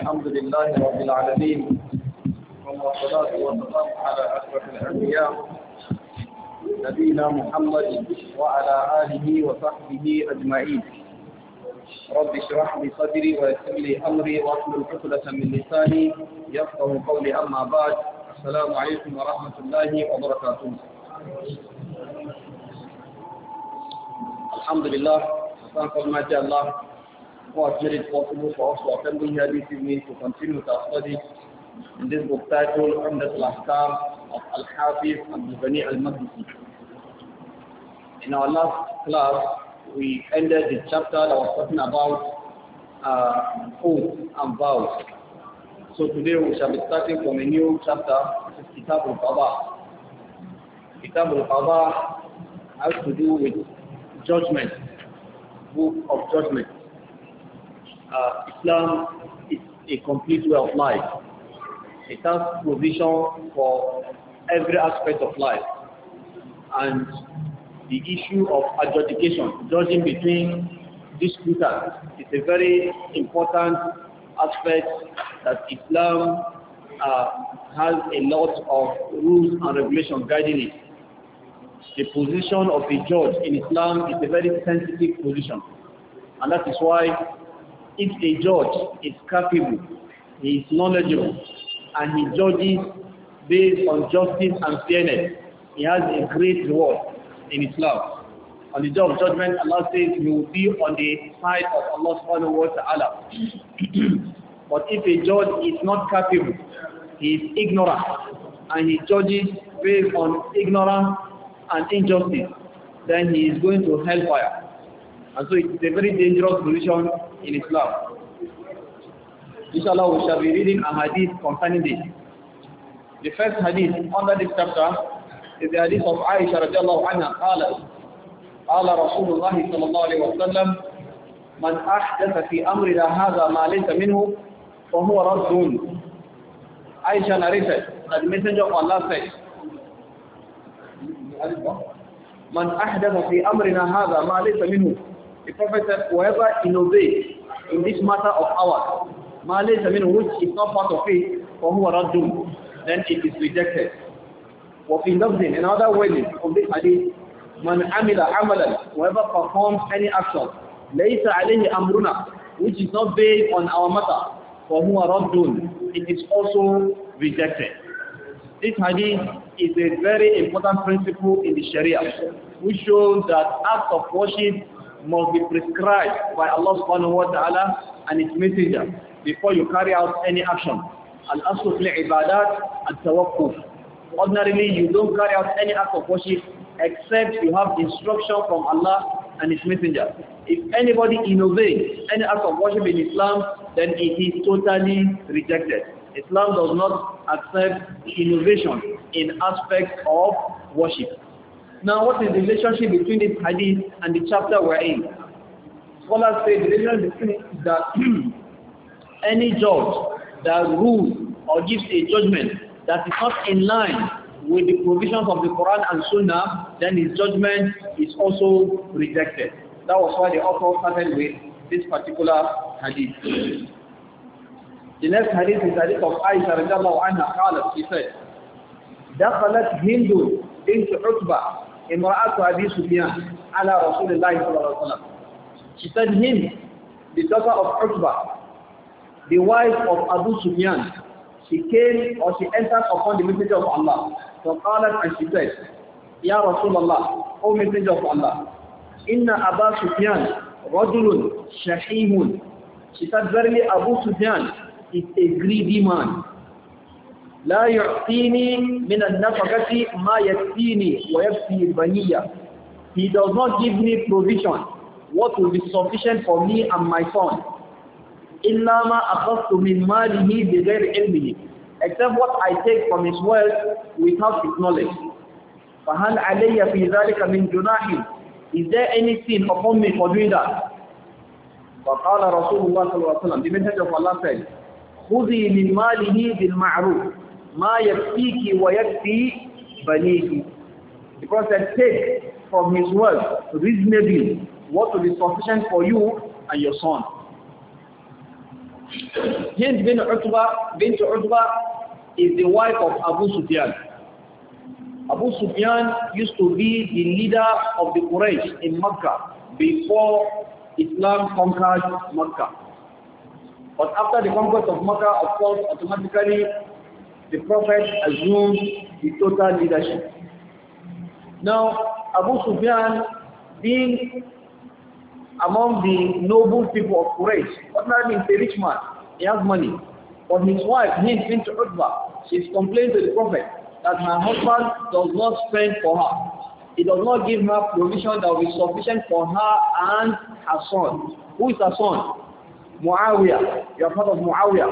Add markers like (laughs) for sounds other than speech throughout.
الحمد لله رب العالمين والصلاة والسلام على أشرف الأنبياء نبينا محمد وعلى آله وصحبه أجمعين رب اشرح لي صدري ويسر لي أمري واحلل عقدة من لساني يفقه قولي أما بعد السلام عليكم ورحمة الله وبركاته Alhamdulillah, thank Almighty Allah who has it possible for us to assemble here this evening to continue with our study in this book titled Umdat al-Ahkam of Al-Hafiz Abdul-Ghani al-Mahdisi. In our last class, we ended the chapter that was talking about uh, oaths and vows. So today we shall be starting from a new chapter, which is Kitab al-Qadha. Kitab al-Qadha has to do with judgment, book of judgment. Uh, Islam is a complete way of life. It has provision for every aspect of life. And the issue of adjudication, judging between disputants, is a very important aspect that Islam uh, has a lot of rules and regulations guiding it. the position of a judge in Islam is a very sensitive position. And that is why if a judge is capable, he is knowledgeable, and he judges based on justice and fairness, he has a great reward in Islam. On the day of judgment, Allah says he will be on the side of Allah subhanahu wa ta'ala. (clears throat) but if a judge is not capable, he is ignorant, and he judges based on ignorance And injustice, then he is going to hellfire. And so it's a very dangerous position in Islam. Inshallah, we shall be reading a hadith concerning this. The first hadith under this chapter is the hadith of Aisha radiallahu anha قالت قال رسول الله صلى الله عليه وسلم من أحدث في أمرنا هذا ما ليس منه فهو رد Aisha narrated the messenger of Allah said Man ahdatha fi amrina hadha ma laysa minhu. The Prophet said, whoever innovates in this matter of ours, ma laysa minhu, which is not part of it, for who are doomed, then it is rejected. وفي in other way from this hadith, man amila amalan, whoever performs any action, laysa alayhi amruna, which is not based on our matter, for who are doomed, it is also rejected. This hadith is a very important principle in the Sharia, which shows that acts of worship must be prescribed by Allah subhanahu wa ta'ala and its messenger before you carry out any action. Al-aslu fil ibadat al-tawakkuf. Ordinarily, you don't carry out any act of worship except you have instruction from Allah and His Messenger. If anybody innovates any act of worship in Islam, then it is totally rejected. Islam does not accept innovation in aspects of worship. Now, what is the relationship between this hadith and the chapter we're in? Scholars say the relationship between it is that (clears throat) any judge that rules or gives a judgment that is not in line with the provisions of the Quran and Sunnah, then his judgment is also rejected. That was why the author started with this particular hadith. The حديث ذلك is رضي الله عنها قالت, she said, دخلت هند بنت عتبة امرأة أبي سفيان على رسول الله صلى الله عليه وسلم. She said him the daughter of Utba the wife of Abu Sufyan, she came or she entered upon the messenger of Allah. So قالت and she said, Ya Rasulullah, O messenger of Allah, Inna Abu Sufyan, Rajulun, Shahihun. She said, verily Abu Sufyan is a greedy man. لا يعطيني من النفقة ما يكفيني ويكفي البنية. He does not give me provision, what will be sufficient for me and my son. إلا ما أخذت من ماله بغير علمه. Except what I take from his wealth without his knowledge. فهل علي في ذلك من جناح Is there any sin upon me for doing that? فقال رسول الله صلى الله عليه وسلم The message of Allah said, خذي من ماله بالمعروف ما يكفيك ويكفي بنيك because I take from his wealth reasonably what will be sufficient for you and your son Hind bin Utbah bint Utbah is the wife of Abu Sufyan Abu Sufyan used to be the leader of the Quraysh in Mecca before Islam conquered Mecca but after the conquest of Makkah, of course, automatically the Prophet assumed the total leadership. Now, Abu Sufyan, being among the noble people of Quraysh, ordinarily is a rich man, he has money. But his wife, Hind bint Utbah, she's complained to the Prophet that her husband does not spend for her. He does not give her provision that will be sufficient for her and her son. Who is her son? Muawiyah. You have of Muawiyah.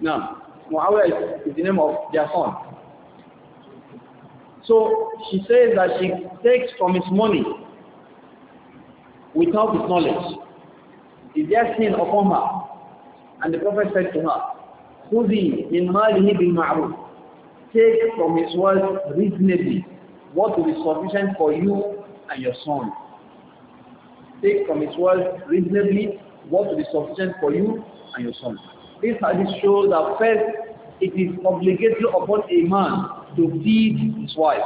Now, Muawiyah is the name of their son. So she says that she takes from his money without his knowledge. Is there sin upon her? And the Prophet said to her, Khudi min malihi bil ma'ruf. Take from his wealth reasonably what will be sufficient for you and your son. Take from his wealth reasonably what will be sufficient for you and your son. This hadith shows that first, it is obligatory upon a man to feed his wife.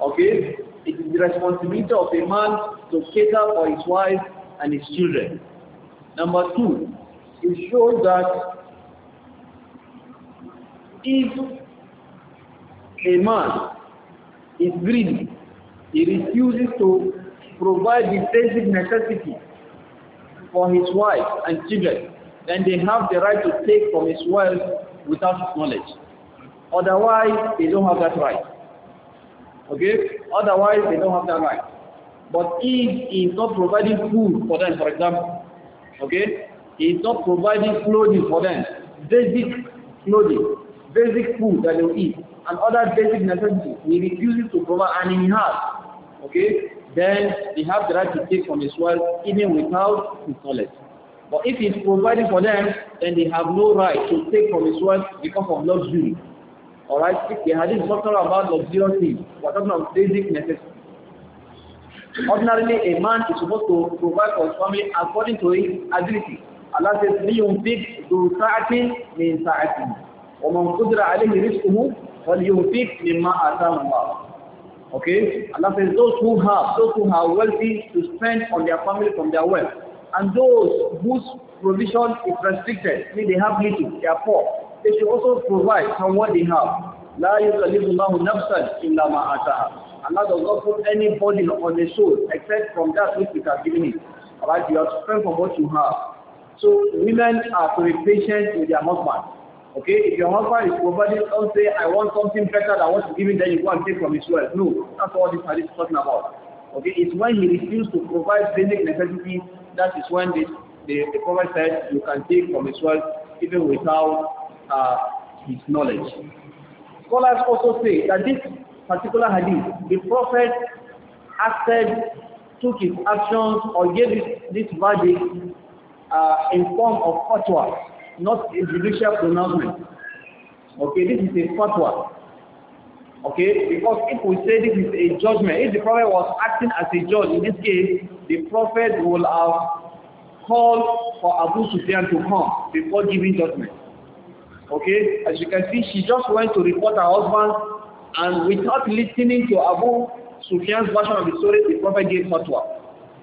Okay? It is the responsibility of a man to cater for his wife and his children. Number two, it shows that if a man is greedy, he refuses to provide the basic necessities for his wife and children, then they have the right to take from his wealth without his knowledge. Otherwise, they don't have that right. Okay? Otherwise, they don't have that right. But if he is not providing food for them, for example, okay, he is not providing clothing for them, basic clothing, basic food that they will eat, and other basic necessities, he refuses to provide, and he has, okay, then they have the right to take from his wealth even without his knowledge. But if he's providing for them, then they have no right to take from his wealth because of luxury. Alright, the hadith is not talking about luxurious things, we're talking about basic necessities. Ordinarily, a man is supposed to provide for his family according to his ability. Allah says, لِيُنْفِقْ ذُو سَعَةٍ مِنْ سَعَةٍ وَمَنْ قُدْرَ عَلَيْهِ رِزْقُهُ فَلْيُنْفِقْ مِمَّا آتَاهُ اللَّهُ Okay? Allah says those who have, those who have wealthy to spend on their family from their wealth. And those whose provision is restricted, mean they have little, they are poor, they should also provide from what they have. La yukallifullahu nafsan illa ma ataha. Allah does not put any burden on the soul except from that which we have given it. Alright, you have spent from what you have. So women are to be patient with their husbands. Okay, if your husband is providing, don't say, I want something better than what you give him, then you go and take from his wealth. No, that's what this hadith is talking about. Okay, it's when he refuses to provide basic necessities, that is when the, the, the prophet said, you can take from his wealth even without uh, his knowledge. Scholars also say that this particular hadith, the prophet acted, took his actions or gave this, this verdict uh, in form of fatwa not a judicial pronouncement. Okay, this is a fatwa. Okay, because if we say this is a judgment, if the prophet was acting as a judge, in this case, the prophet will have called for Abu Sufyan to come before giving judgment. Okay, as you can see, she just went to report her husband, and without listening to Abu Sufyan's version of the story, the prophet gave fatwa.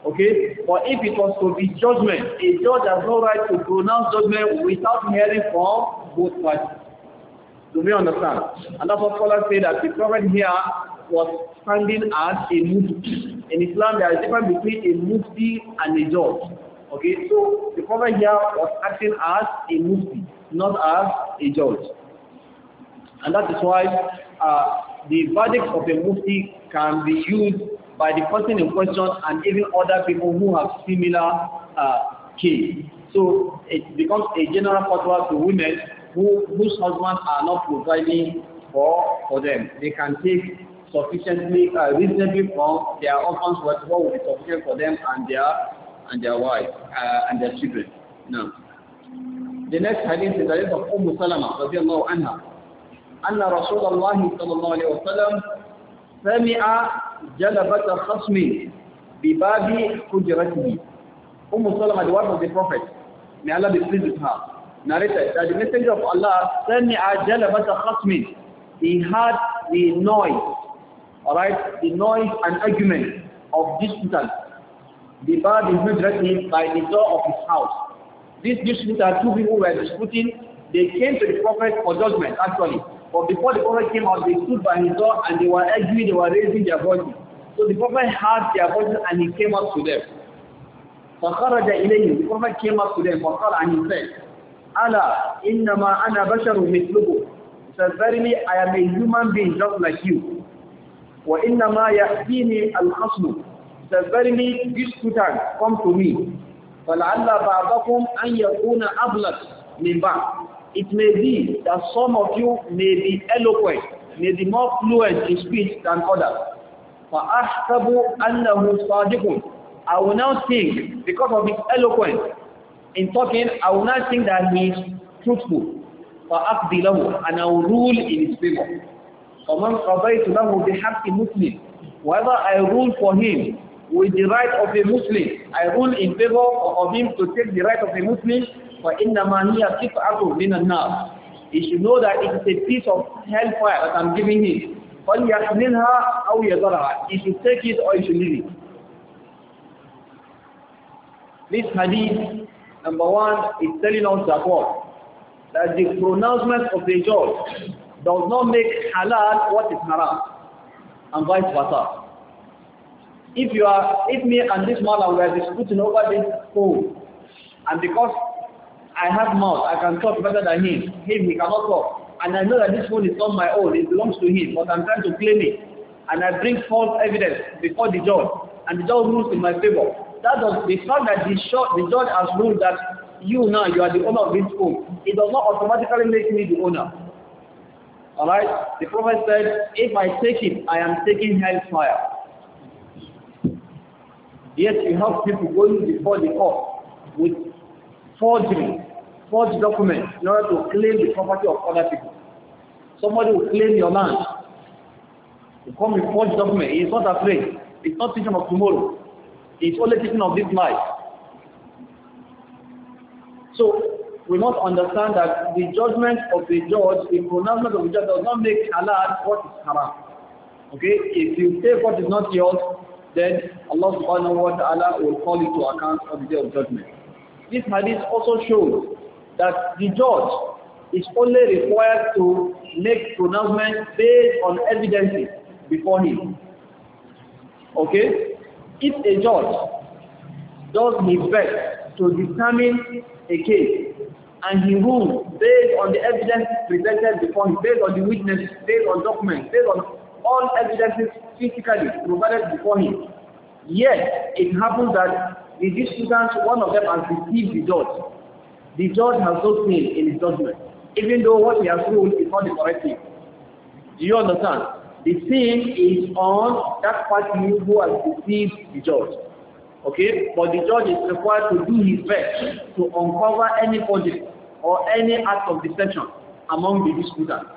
Okay? But if it was to be judgment, a judge has no right to pronounce judgment without hearing from both parties. Do we understand? And that's what scholars say that the prophet here was standing as a mufti. In Islam, there is a difference between a mufti and a judge. Okay, so the prophet here was acting as a mufti, not as a judge. And that is why uh, the verdict of a mufti can be used by the person in question and even other people who have similar uh, case. So it becomes a general fatwa to women who, whose husbands are not providing for, for them. They can take sufficiently, uh, reasonably from their orphans what will be sufficient for them and their and their wife uh, and their children. No. The next hadith is the hadith of Umm Salama radiallahu anha. أن Rasulullah. سمع جلبة خصم بباب حجرته Umm Salama, the wife of the Prophet, may Allah be pleased with her, narrated that the messenger of Allah, Sami'a Jalabata Khasmin, he heard the noise, alright, the noise and argument of disputant, the bad by the door of his house. These disputants, two people were disputing, they came to the Prophet for judgment, actually. But before the prophet came out, they stood by his door and they were arguing, they were raising their voices. So the prophet heard their voices and he came up to them. فخرج إليه The prophet came up to them وقال and he said, Allah, إنما أنا بشر مثلكم. He says, verily I am a human being just like you. وإنما يأتيني الخصم. He says, verily this Satan come to me. فلعل بعضكم أن يكون أبلغ من بعض. It may be that some of you may be eloquent, may be more fluent in speech than others. فَأَحْسَبُ I will now think, because of his eloquence in talking, I will now think that he is truthful. فَأَقْضِ لَهُ And I will rule in his favor. فَمَنْ قَضَيْتُ لَهُ the Muslim. Whether I rule for him with the right of a Muslim, I rule in favor of him to take the right of a Muslim, فَإِنَّمَا هِيَ "In مِنَ النَّارِ He should know that it is a piece of hellfire that I'm giving him. فَلْيَحْمِلْهَا أَوْ يَذَرَهَا He should take it or he should leave it. This hadith, number one, is telling us that what? That the pronouncement of the judge does not make halal what is haram, and vice versa. If you are, if me and this man were disputing over this phone, and because I have mouth, I can talk better than him. Him, he cannot talk. And I know that this phone is not my own, it belongs to him, but I'm trying to claim it. And I bring false evidence before the judge, and the judge rules in my favor. That does, the fact that the, short, the judge has ruled that you now, you are the owner of this phone, it does not automatically make me the owner. Alright? The Prophet said, if I take it, I am taking hellfire. Yes, you have people going before the court with forgery, forged documents in order to claim the property of other people. Somebody will claim your land. You come with forged document. He is not afraid. It's not thinking of tomorrow. It's only thinking of this life. So we must understand that the judgment of the judge, the pronouncement of the judge does not make halal what is haram. Okay? If you take what is not yours, then Allah subhanahu wa ta'ala will call you to account on the day of judgment. This hadith also shows that the judge is only required to make pronouncement based on evidences before him. Okay? If a judge does his best to determine a case and he rules based on the evidence presented before him, based on the witnesses, based on documents, based on all evidences physically provided before him, yet it happens that the disputants, one of them has deceived the judge the judge has no say in his judgment, even though what he has ruled is not the correct thing. Do you understand? The sin is on that party who has deceived the judge. Okay? But the judge is required to do his best to uncover any project or any act of deception among the disputants.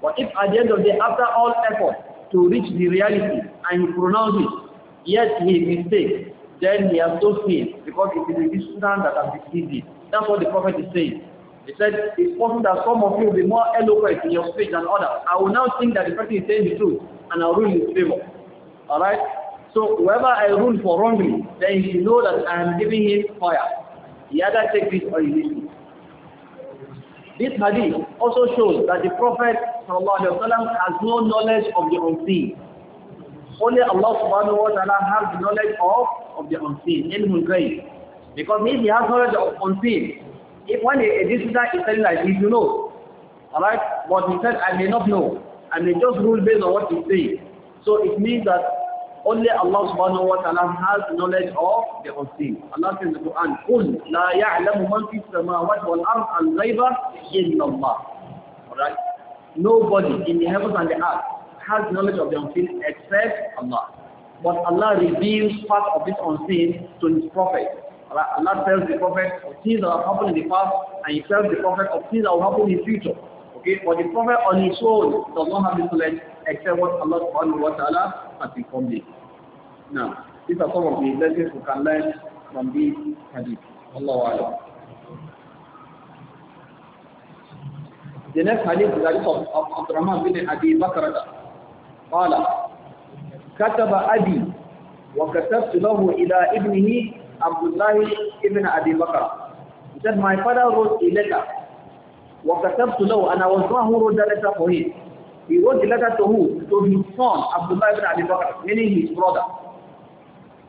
But if at the end of the day, after all effort to reach the reality and pronounce it, yet he mistakes, then he has no fear, because it is the dissonance that has deceived him. That's what the prophet is saying. He said, it's possible that some of you will be more eloquent in your speech than others. I will now think that the person is saying the truth and I'll rule in favor. Alright? So whoever I rule for wrongly, then he should know that I am giving him fire. He either takes it or he leaves it. This hadith also shows that the Prophet وسلم, has no knowledge of the unseen. Only Allah subhanahu wa ta'ala has the knowledge of of the unseen, ilmul ghaib. Because if he has knowledge of unseen, if day a visitor is telling like this, you know. Alright? But he said, I may not know. I may just rule based on what he's saying. So it means that only Allah subhanahu wa ta'ala has knowledge of the unseen. Allah says in the Quran, قُلْ لَا يَعْلَمُ مَنْ فِي السَّمَاوَاتِ وَالْأَرْضِ الْغَيْبَ إِلَّا اللَّهِ Alright? Nobody in the heavens and the earth has knowledge of the unseen except Allah. But Allah reveals part of this unseen to His Prophet. Allah tells the Prophet of oh, things that have happened in the past and He tells the Prophet of oh, things that will happen in the future. Okay, but the Prophet on his own does not have this knowledge, except what Allah subhanahu wa ta'ala has informed him. Now, these are some of the lessons we can learn from this hadith. Allahu Akbar. The next hadith is the hadith of Abdurrahman bin Abi Bakrata. Allah. كتب أبي wa katabtu lahu ila ibnihi Abdullah ibn Abi Bakr he said my father wrote a letter wa katabtu lahu and who wrote the letter for him he wrote the letter to who to his son Abdullah ibn Abi Bakr meaning his brother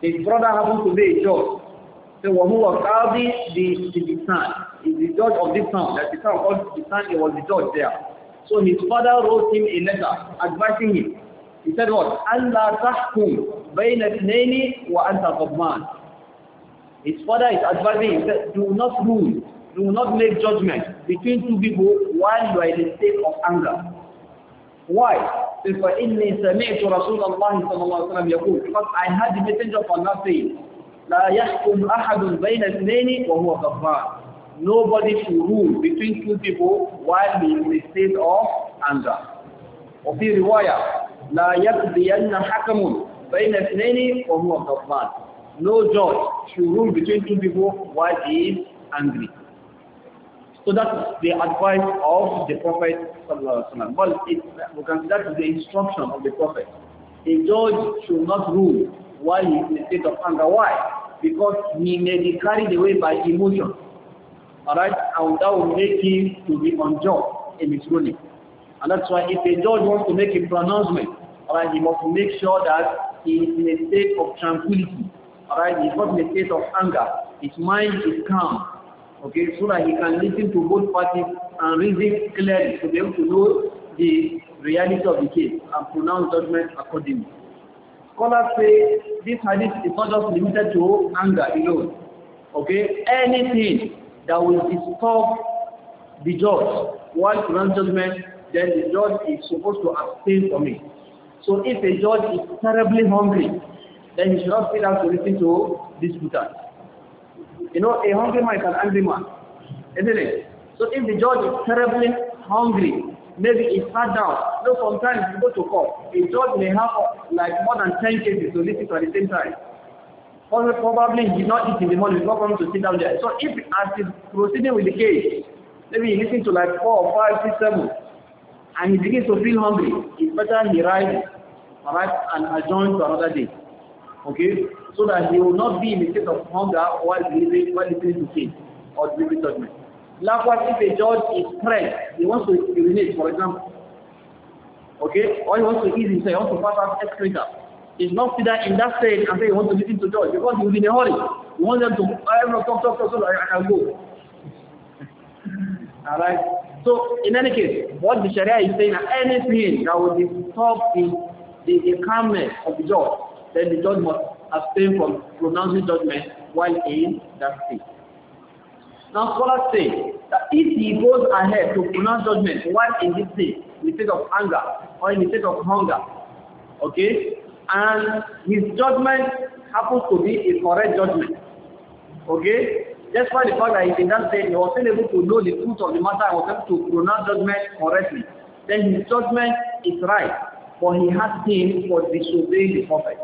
his brother happened to be a judge so wa huwa qadi the the son is the judge of this town that the town called the son he was the judge there so his father wrote him a letter advising him He said what? Allah تَحْكُمْ بَيْنَ اثْنَيْنِ وَأَنْتَ anta His father is advising him, said, do not rule, do not make judgment between two people while you are in a state of anger. Why? Because فَإِنِّي سَمِعْتُ رَسُولَ اللَّهِ صَلَى اللَّهُ عَلَيْهِ وَسَلَّمْ يَقُولُ Because I had the message of Allah saying, لَا يَحْكُمْ أَحَدٌ بَيْنَ اثْنَيْنِ وَهُوَ غَضْبَانٌ Nobody should rule between two people while he is in a state of anger. وفي رواية لا يقضين حكم بين اثنين وهو غضبان no judge should rule between two people while he is angry so that's the advice of the prophet sallallahu well it we that is the instruction of the prophet a judge should not rule while he is in a state of anger why because he may be carried away by emotion all right and that will make him to be unjust in his ruling and that's why if a judge wants to make a pronouncement, all right, he must make sure that he is in a state of tranquility. All right, he's not in a state of anger. His mind is calm. Okay, so that he can listen to both parties and reason clearly to be able to know the reality of the case and pronounce judgment accordingly. Scholars say this hadith is not just limited to anger alone. Okay, anything that will disturb the judge while pronouncing judgment then the judge is supposed to abstain from it. So if a judge is terribly hungry, then he should not be down to listen to disputants. You know, a hungry man is an angry man, isn't it? So if the judge is terribly hungry, maybe he sat down. You know, sometimes you go to court, a judge may have uh, like more than 10 cases to listen to at the same time. Probably he did not eat in the morning, he's not going to sit down there. So if as he's proceeding with the case, maybe he listens to like 4, 5, and he begins to feel hungry, it's better he rides, and adjourns to another day. Okay? So that he will not be in a state of hunger while living, while listening to sin or delivering judgment. Likewise, if a judge is pressed, he wants to urinate, for example, okay, or he wants to eat himself, he wants to pass out excreta, he's not sit in that state and say he wants to listen to judge because he's in a hurry. He wants them to, I will talk, talk, talk, so I, I can go. (laughs) All right? So in any case, what the Sharia is saying that anything that will disturb the, the, the calmness of the judge, then the judge must abstain from pronouncing judgment while in that state. Now scholars say that if he goes ahead to pronounce judgment while in this state, in the state of anger or in the state of hunger, okay, and his judgment happens to be a correct judgment, okay, That's why the fact that he did not say he was still able to know the truth of the matter and was able to pronounce judgment correctly. Then his judgment is right, for he has sin for disobeying the prophet.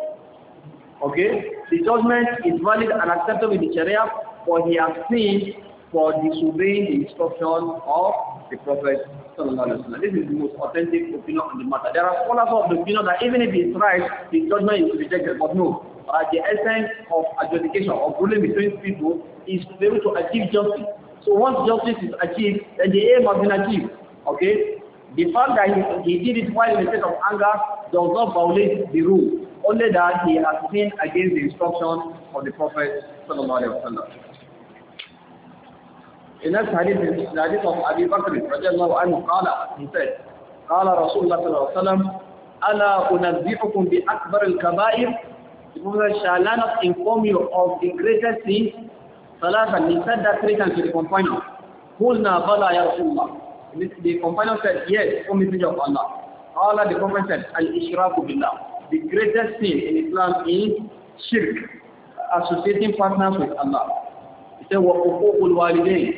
Okay? The judgment is valid and acceptable in the Sharia, for he has sinned for disobeying the instruction of the prophet. This is the most authentic opinion on the matter. There are scholars of the opinion that even if it's right, the judgment is rejected, but no, uh, the essence of adjudication of ruling between people is to be able to achieve justice. So once justice is achieved, then the aim has been achieved. Okay? The fact that he, he did it while in a state of anger does not violate the rule. Only that he has sinned against the instruction of the Prophet Sallallahu Alaihi Wasallam. In that hadith, in the hadith of Abi Bakr, radiallahu anhu, he said, قال رسول الله صلى الله عليه وسلم ألا أنبئكم بأكبر الكبائر the Prophet shall not inform you of the greatest sins. Salatan, he said that three times to the companion. Qulna bala ya Rasulullah. The companion said, yes, O Messenger of Allah. Allah the Prophet said, Al-Ishraku Billah. The greatest sin in Islam is shirk, associating partners with Allah. He said, وَقُقُقُ الْوَالِدَيْنِ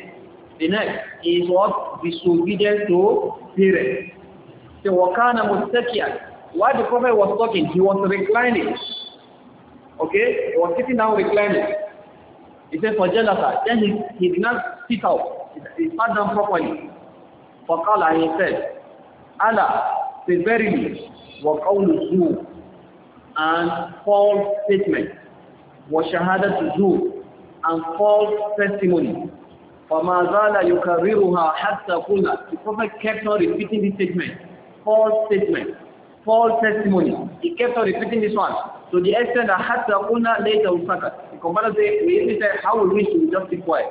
The next is what? Disobedience to parents. He said, وَكَانَ مُسْتَكِيًا While the Prophet was talking, he was reclining. Okay, he was sitting down reclining. He said for jealousy. Then he, he did not sit out. He, sat down properly. For Allah, he said, Allah says verily, only الزُّورِ And false statement. was shahada to الزُّورِ And false testimony. فَمَا زَالَ يُكَرِّرُهَا حَتَّى قُلْنَا The Prophet kept on repeating this statement. False statement. false testimony. He kept on repeating this one. So the extent that had to kuna later will suck The commander said, we even said, how will we should just be quiet?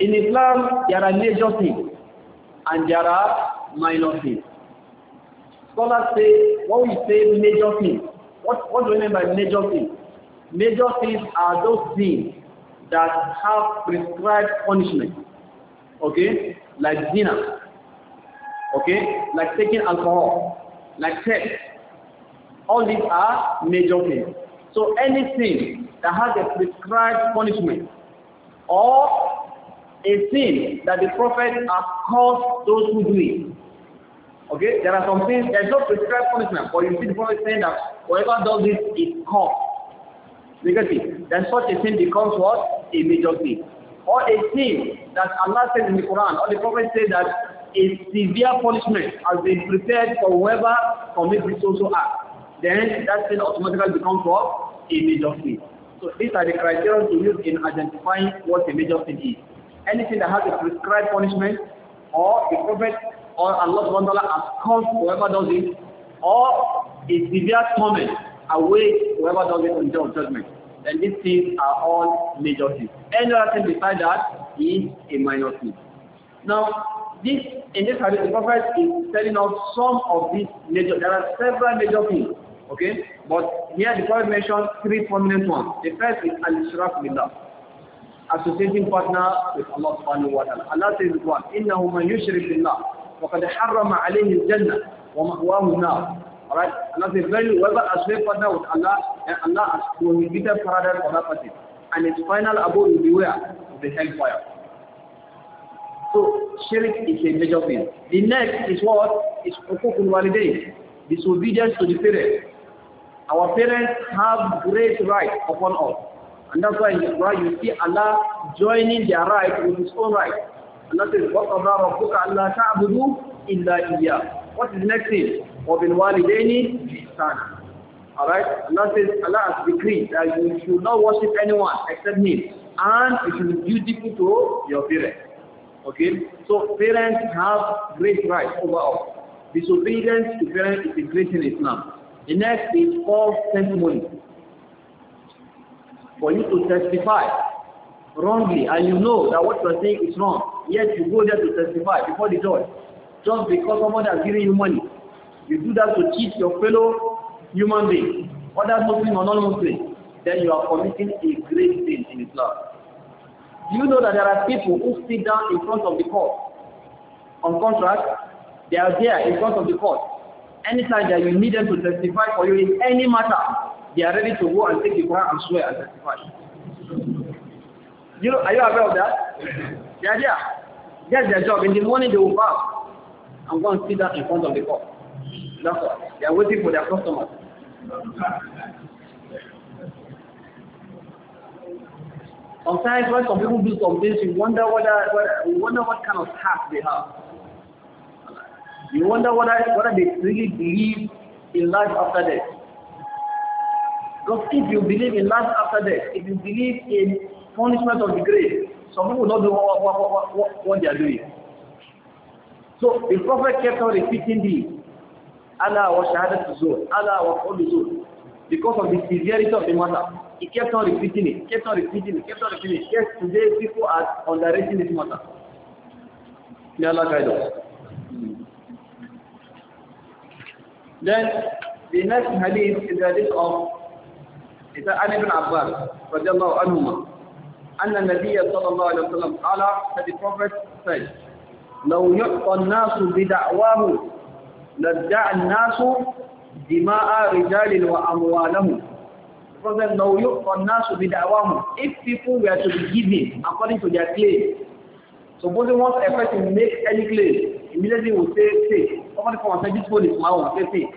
In Islam, there are major things and there are minor things. Scholars say, what we say major things, what, what do we mean by major things? Major things are those things that have prescribed punishment. Okay? like zina, okay, like taking alcohol, like sex. All these are major things. So anything that has a prescribed punishment or a sin that the prophet has caused those who do it. Okay, there are some things, there's no prescribed punishment, but you see the prophet saying that whoever does this is caught. Negative. see, then such a sin becomes what? A major sin. or a sin that Allah said in the Quran or the Prophet said that a severe punishment has been prepared for whoever commits this social act, then that sin automatically becomes what? A major sin. So these are the criteria to use in identifying what a major sin is. Anything that has a prescribed punishment or the Prophet or Allah subhanahu has caused whoever does it or a severe torment awaits whoever does it on the day of judgment then these things are all major things. Any other thing besides that is a minor thing. Now, this in this hadith, the Prophet is telling us some of these major, there are several major things, okay? But here the Prophet mentioned three prominent ones. The first is al-ishraq billah, associating partner with Allah subhanahu wa ta'ala. Allah says this one: إِنَّهُ مَنْ يُشْرِكْ بِاللَّهِ وَقَدْ حَرَّمَ عَلَيْهِ الْجَنَّةِ وَمَأْوَاهُ النَّارِ Right, Allah says, Verily, whoever has made partner with Allah, and Allah has prohibited paradise for that person. And its final abode will be where? The hellfire. So, shirk is a major thing. The next is what? Is hukukul walidain. Disobedience to the parents. Our parents have great rights upon us. And that's why in the Quran you see Allah joining their right with his own right. Allah says, وَقَضَى رَبُّكَ أَلَّا تَعْبُدُوا What is the next thing? وَبِالْوَالِدَيْنِ إِحْسَانًا Alright? Allah says, Allah decree that you should not worship anyone except Him. And you should be dutiful to your parents. Okay? So parents have great rights over us. Disobedience to parents is a great in Islam. The next is false testimony. For you to testify wrongly and you know that what you are saying is wrong, yet you go there to testify before the judge just because someone has given you money You do that to cheat your fellow human being, whether Muslim or non-Muslim, then you are committing a great sin in Islam. Do you know that there are people who sit down in front of the court? On contract, they are there in front of the court. Anytime that you need them to testify for you in any matter, they are ready to go and take the Quran and swear and testify. You know, are you aware of that? They are there. That's their job. In the morning they will bow and go and sit down in front of the court. They are waiting for their customers. Sometimes when some people do some things, you wonder whether, whether you wonder what kind of heart they have. You wonder whether whether they really believe in life after death. Because if you believe in life after death, if you believe in punishment of the grave, some people don't know what, what, what, what, what they are doing. So the prophet kept on repeating this. Allah wa shahadat zuhr, Allah wa qul zuhr. Because of the severity of the matter, he kept on repeating it, kept on repeating it, kept on repeating it. Yes, today people are underrating this matter. May Allah guide us. Then the next hadith is the hadith of it's an ibn Abbas رضي الله عنهما أن النبي صلى الله عليه وسلم قال that the Prophet said لو يعطى الناس بدعواه لدع الناس دماء رجال وأموالهم Prophet now you for nas to be da'wam. If people were to be given according to their claim, supposing once effort to make any claim, immediately will say fake. Somebody come and say this phone is my own, say fake.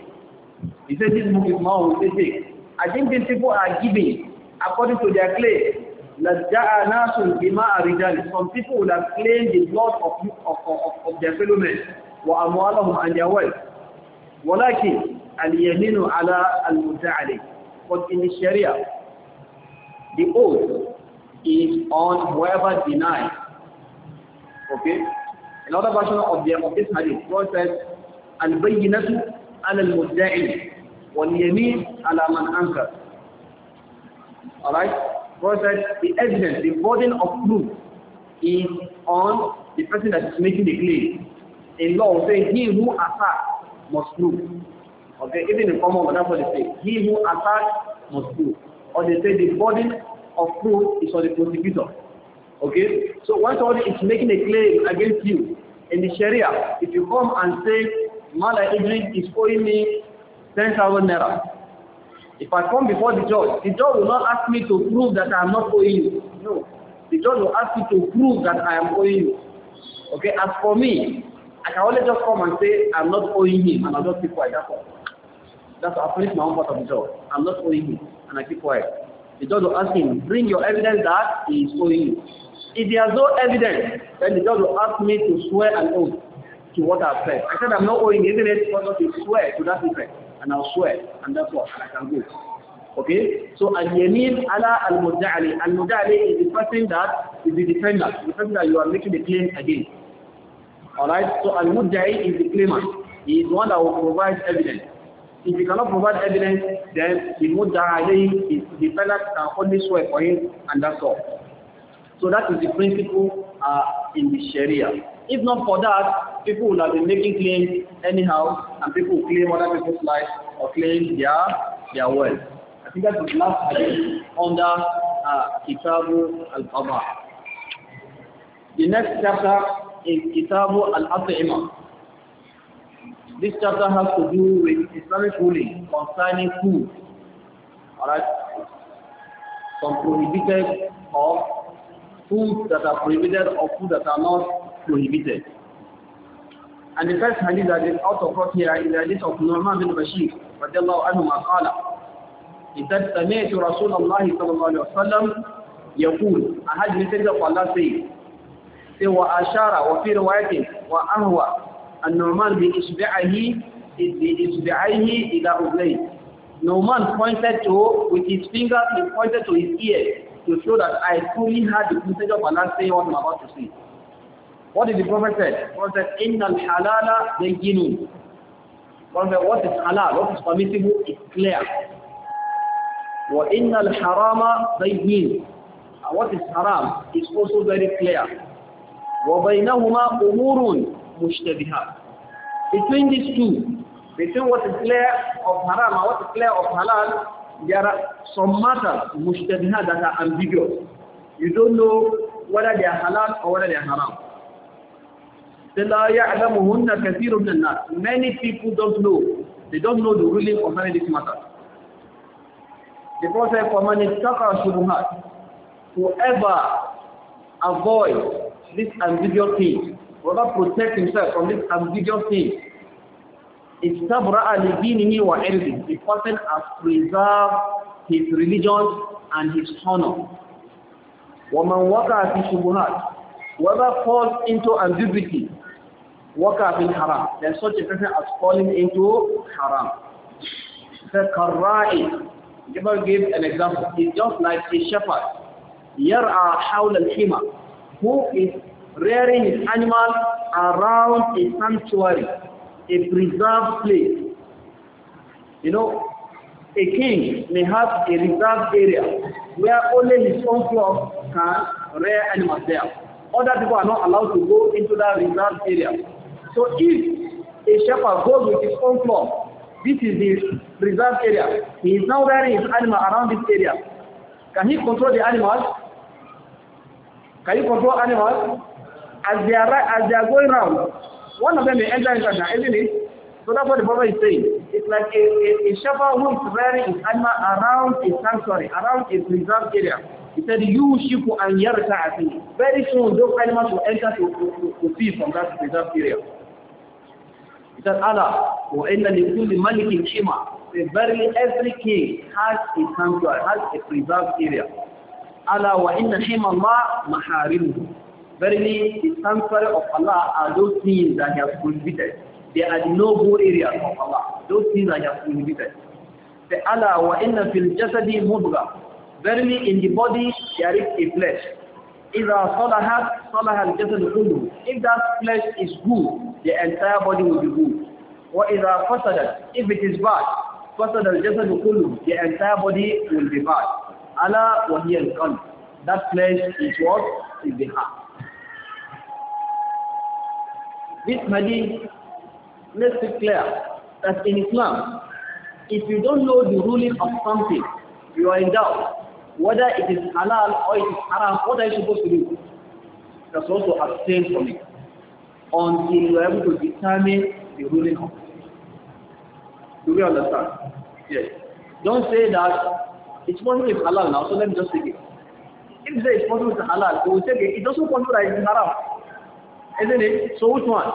He said this book is my own, say fake. I think these people are giving according to their claim. لَجَاءَ نَاسٌ بِمَا أَرِجَالِ Some people will have claimed the blood of, of, of, of their fellow men. وأموالهم and their wealth ولكن اليمين على المدعي but in the Sharia the oath is on whoever denies okay another version of the of this hadith God says البينة على المدعي واليمين على من أنكر alright God says the evidence the burden of proof is on the person that is making the claim in law say he who attacks must prove. Okay, even in common law, that's what they say. He who attacks must prove. Or they say the burden of proof is on the prosecutor. Okay? So when somebody is making a claim against you in the Sharia, if you come and say, Mala Idris is owing me 10,000 naira. If I come before the judge, the judge will not ask me to prove that I am not owing you. No. The judge will ask me to prove that I am owing you. Okay, as for me, I can only just come and say, I'm not owing him, and I'll just keep quiet. That's all. That's all. I finished my own part of the job. I'm not owing him, and I keep quiet. The judge will ask him, bring your evidence that he is owing you. If there is no evidence, then the judge will ask me to swear an oath to what I've said. I said I'm not owing, isn't it? Because to swear to that effect. And I'll swear, and that's what, and I can go. Okay? So al-yamin ala al-muda'ali. Al-muda'ali is the person that is the defendant, the person that you are making the claim against. Alright, so Al-Mudda'i is the claimant. He is one that will provide evidence. If he cannot provide evidence, then the Mudda'i is the fellow can only swear for him and that's all. So that is the principle uh, in the Sharia. If not for that, people will have been making claims anyhow and people will claim other people's lives or claim their, their wealth. I think that's the last hadith under uh, Kitabu al-Qadha. The next chapter is Kitabu al-At'imah. This chapter has to do with Islamic ruling concerning food. Alright? Some prohibited of foods that are prohibited or food that are not prohibited. And the first hadith that is out of court here is the hadith of Nu'man bin Bashir رضي الله عنهما قال إذا سمعت رسول الله صلى الله عليه وسلم يقول I had message of Allah sai wa ashara wa fi riwayatin wa ahwa an-nu'man bi pointed to with his finger he pointed to his ear to show that I fully had the message of Allah saying what I'm about to say what did the prophet say? the prophet said innal halala bayyinun Prophet what is halal what is permissible is clear wa innal harama bayyin what is haram is also very clear وَبَيْنَهُمَا أُمُورٌ مُشْتَبِهَاتٌ Between these two, between what is clear of haram and what is clear of halal, there are some matters, mushtabihat, that are ambiguous. You don't know whether they are halal or whether they are haram. لَا يَعْلَمُهُنَّ كَثِيرٌ مِنَ النَّاسِ Many people don't know. They don't know the ruling of this matter. The Prophet, فَمَنِ اتَّقَى شُبُهَاتِ Whoever avoids this ambiguous thing. Rather protect himself from this ambiguous thing. Istabra'a lidinihi wa irdi. The person has preserved his religion and his honor. Woman وَقَعَ فِي شُبُهَاتِ Whoever falls into ambiguity, وَقَعَ in haram. Then such a person has fallen into haram. فَكَرَّائِ Give, give an example. It's just like a shepherd. how the الْحِمَى who is rearing his animal around a sanctuary, a preserved place. You know, a king may have a reserved area where only his own flock can rear animals there. Other people are not allowed to go into that reserved area. So if a shepherd goes with his own flock, this is his reserved area. He is now rearing his animal around this area. Can he control the animals? Can you control animals? As they are, as they are going round, one of them may enter into another, isn't it? So that's what the Bible is saying. It's like a, a, a shepherd who is rearing his animal around a sanctuary, around a preserved area. He said, you sheep and yarata Very soon those animals will enter to, to, to, to feed from that preserved area. He said, Allah, وَإِنَّ لِكُلِّ مَلِكٍ شِمَةٍ Very every king has a sanctuary, has a preserved area. Allah wa inna الله maharimu. Verily, the sanctuary of Allah are those things that He has prohibited. There are no good areas of Allah. Those things that He has prohibited. The wa inna fil jasadi mudga. Verily, in the body there is a flesh. إذا صلحت صلح الجسد كله. If that flesh is good, the entire body will be good. وإذا فسدت, if it is bad, فسد الجسد كله. The entire body will be bad. Ala wahiyal qalb. That place is what? Is the heart. This hadith makes it clear that in Islam, if you don't know the ruling of something, you are in doubt whether it is halal or it is haram, what are you supposed to do? That's also abstain from it until you are able to determine the ruling of it. Do we understand? Yes. Don't say that It's possible it's halal now, so let me just take it. If there is possible it's halal, so we take it. It's also possible that it's haram. Isn't it? So which one?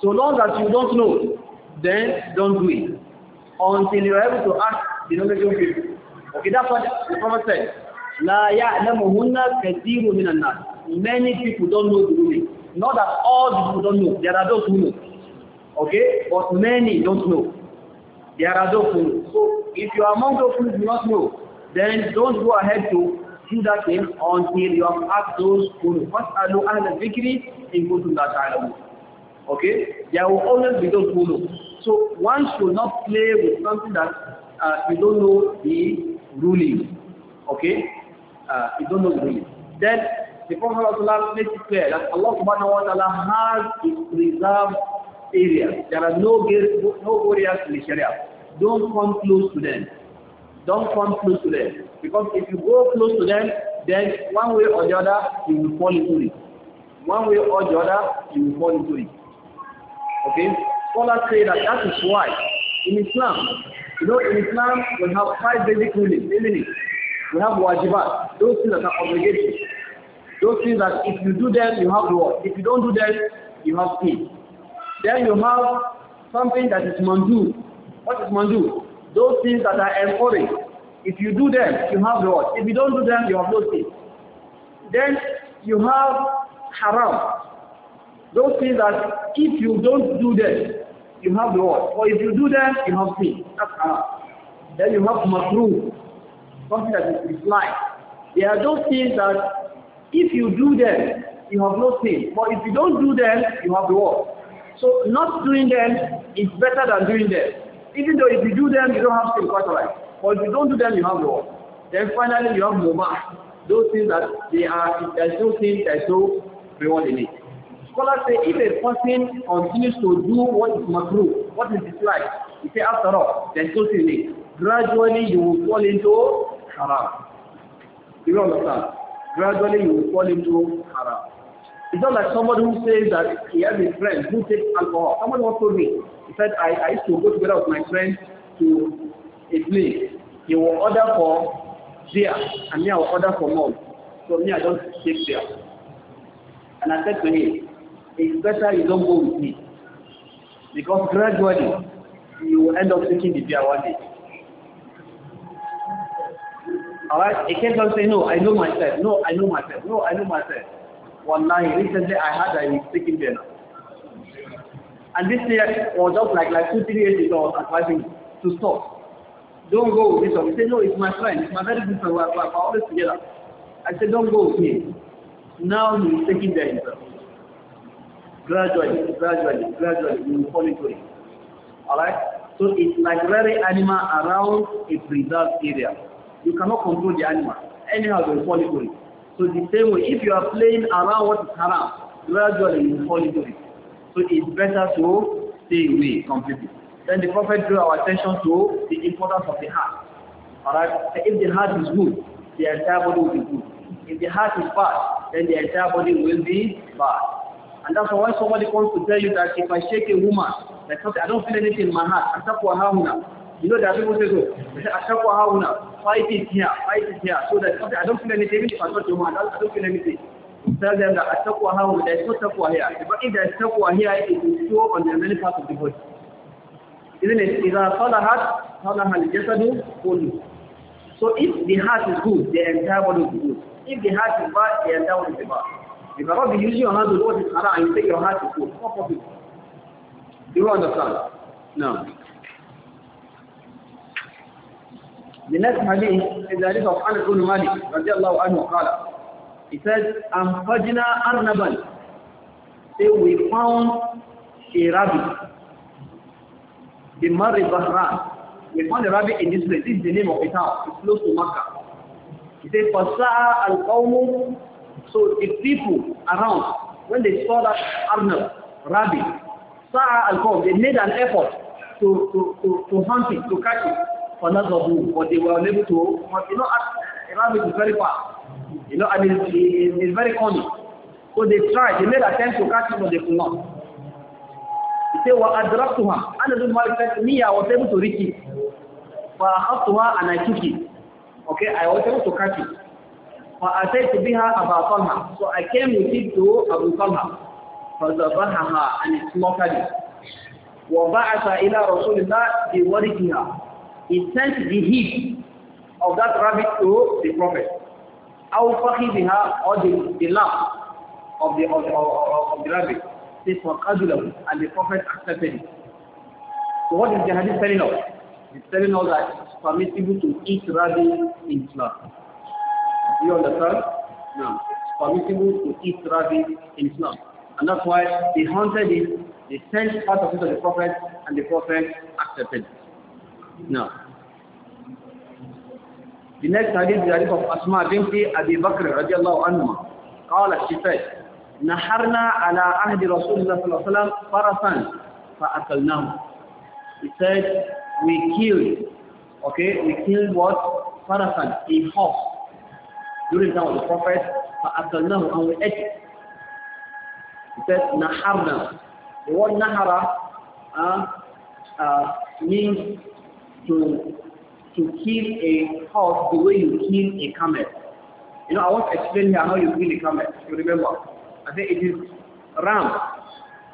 So long as you don't know, then don't do it. Until you're able to ask the knowledge of people. Okay, that's what the Prophet said. La ya'lamuhunna kathiru minan nas. Many people don't know the ruling. Not that all the people don't know. There are those who know. Okay? But many don't know. There are those who know. So if you are among those who do not know, then don't go ahead to do that thing until you have asked those who فَاسْأَلُوا أَهْلَ الذِّكْرِ إِن كُنْتُمْ that تَعْلَمُونَ Okay? There will always be those who know. So one should not play with something that uh, you don't know the ruling. Okay? Uh, you don't know the ruling. Then the Prophet makes it clear that Allah subhanahu wa ta'ala has its reserved areas. There are no, no areas in the Sharia. Don't come close to them. Don't come close to them. Because if you go close to them, then one way or the other, you will fall into it. One way or the other, you will fall into it. Okay? Scholars say that that is why in Islam, you know, in Islam, we have five basic rulings, isn't We have wajibat, those things that are obligations. Those things that if you do them, you have reward. If you don't do them, you have sin. Then you have something that is mandu. What is mandu? Those things that are encouraged, if you do them, you have the reward. If you don't do them, you have no sin. Then you have haram. Those things that if you don't do them, you have the reward. Or if you do them, you have sin. That's haram. Then you have makruh, something that is disliked. There are those things that if you do them, you have no sin. But if you don't do them, you have the reward. So not doing them is better than doing them. Even though if you do them, you don't have sin quite right. But if you don't do them, you have law. Then finally, you have mubah. Those things that they are, there's no sin, there's no reward in it. Scholars say if a person continues to do what is makruh, what is disliked, you say after all, there's no sin in it. Gradually, you will fall into haram. You don't understand? Gradually, you will fall into haram. It's not like somebody who says that he has a friend who takes alcohol. Someone wants to me. He said, I, I used to go together with my friends to a place. He will order for beer, and me I will order for more. So me, I don't take beer. And I said to him, it's better you don't go with me. Because gradually, you will end up taking the beer one day. Alright, he kept on saying, no, I know myself, no, I know myself, no, I know myself. One night, recently I had I was taking beer now. And this year was just like, like two, three years ago, was advising to stop. Don't go with this one. He said, no, it's my friend. It's my very good friend. We're, we're always together. I said, don't go with him. Now he's taking the interest. Gradually, gradually, gradually, you will fall into it. All right. So it's like very animal around a preserved area. You cannot control the animal. Anyhow, they will fall into it. So the same way, if you are playing around what is haram, gradually you will fall into it. So it's better to stay away completely. Then the Prophet drew our attention to the importance of the heart. Alright? If the heart is good, the entire body will be good. If the heart is bad, then the entire body will be bad. And that's why somebody comes to tell you that if I shake a woman, like something, I don't feel anything in my heart, for her now. you know that people say so. Oh, they say, Ashakwa Hauna, fight it here, fight it here. So that I don't feel anything, if I touch your hand, I don't feel anything. Tell them that taqwa how there is no taqwa here. But if there is taqwa here, it will show on the many parts of the body. Isn't it? إِذَا صَلَحَتْ صَلَحَ الْجَسَدُ كُلُّ So if the heart is good, the entire body is good. If the heart is bad, the entire body is bad. If you're not using your hand to do what is haram and you say your heart to good, what of it? Do you understand? No. The next hadith is the hadith of Anas ibn Malik, radiallahu anhu, قال He said, Amfajina Arnabal. Say, we found a rabbit. The Mari Bahran. We found a rabbit in this place. This is the name of the town. It's close to Makkah. He said, Fasa'a al-Qawmu. So the people around, when they saw that Arnab, rabbit, Sa'a al-Qawm, they made an effort to, to, to, to hunt it, to catch it. For but they were unable to, but you know, a rabbit is very fast. You know, I mean, it's, it's very funny. So they tried, they made attempts to catch him, but they could not. He said, وَأَدْرَقْتُهَا Anas ibn Malik said, me, I was able to reach it. him and I took it. Okay, I was able to catch it. be her about طَلْحَ So I came with it to Abu Talha. فَذَبَحَهَا and it slaughtered it. وَبَعَثَ إِلَى رَسُولِ اللَّهِ بِوَرِكِهَا He sent the heat of that rabbit to the Prophet. أو فخذها or the, the lap of the, of the, of, of the rabbit. This was Adulahu and the Prophet accepted it. So what is the hadith telling us? It's telling us that it's permissible to eat rabbit in Islam. Do you understand? No. It's permissible to eat rabbit in Islam. And that's why the hunted is the sent part of it of the Prophet and the Prophet accepted it. Now, The next hadith is hadith of Asma binti Abi Bakr radiallahu anhu. قال she said, نحرنا على عهد رسول الله صلى الله عليه وسلم فرسا فأكلناه. He said, we killed, okay, we killed what? Farasan, a horse. During the time of the Prophet, فأكلناه and we ate it. He said, نحرنا. The word نحرة uh, uh, means to to kill a horse the way you kill a camel. You know, I want to explain here how you kill a camel. You remember? I said it is ram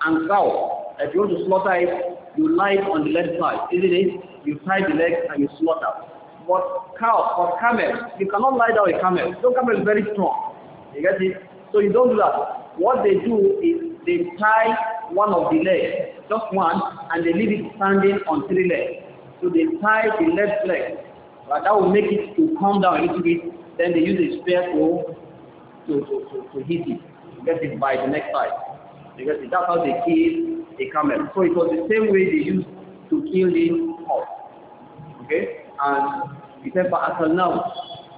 and cow. If you want to slaughter it, you lie on the left side, isn't it? You tie the leg and you slaughter. But cow, for camel, you cannot lie down a camel. No camel is very strong. You get it? So you don't do that. What they do is they tie one of the legs, just one, and they leave it standing on three legs. So they tie the left leg, but that will make it to come down a little bit. Then they use a spear to to, to, to, to hit it, to get it by the next side. Because that's how they kill a camel. So it was the same way they used to kill the horse. Okay? And he said, now.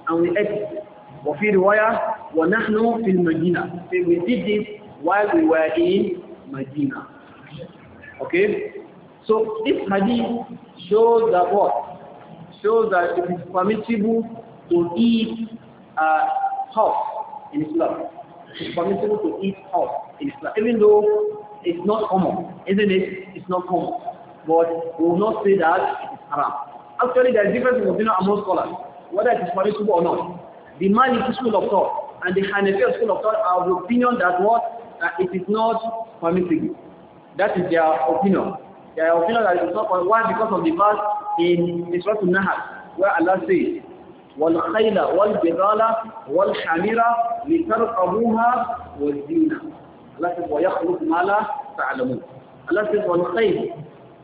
And we ate it. وَفِي رِوَايَةٍ وَنَحْنُ فِي الْمَدِينَةِ So we did this while we were in Medina. Okay? So this hadith shows that what? Shows that it is permissible to eat uh, horse in Islam. It's permissible to eat horse in Islam, even though it's not common, isn't it? It's not common. But we will not say that it's haram. Actually, there is difference in opinion among scholars, whether it is permissible or not. The Maliki school of thought and the Hanafi school of thought are of the opinion that what? That it is not permissible. That is their opinion. Yeah, are feel like it's on why because of the verse in Surah al nahar where Allah says والخيل والبغال والحمير لتركبوها والزينة Allah says ويخلق ما لا تعلمون Allah says والخيل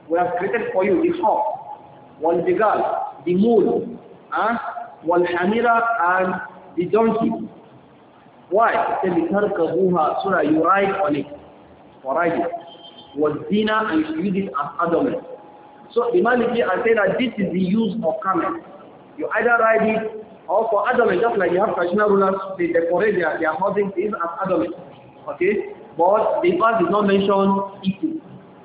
we have created for you the hawk والبغال the mule huh? والحمير and the donkey why? لتركبوها so that you ride on it for riding was zina and you should use it as adornment. So the Maliki I say that this is the use of camel. You either ride it or for adornment, just like you have traditional rulers, they decorate their, their housing is as adornment. Okay? But the verse did not mention eating.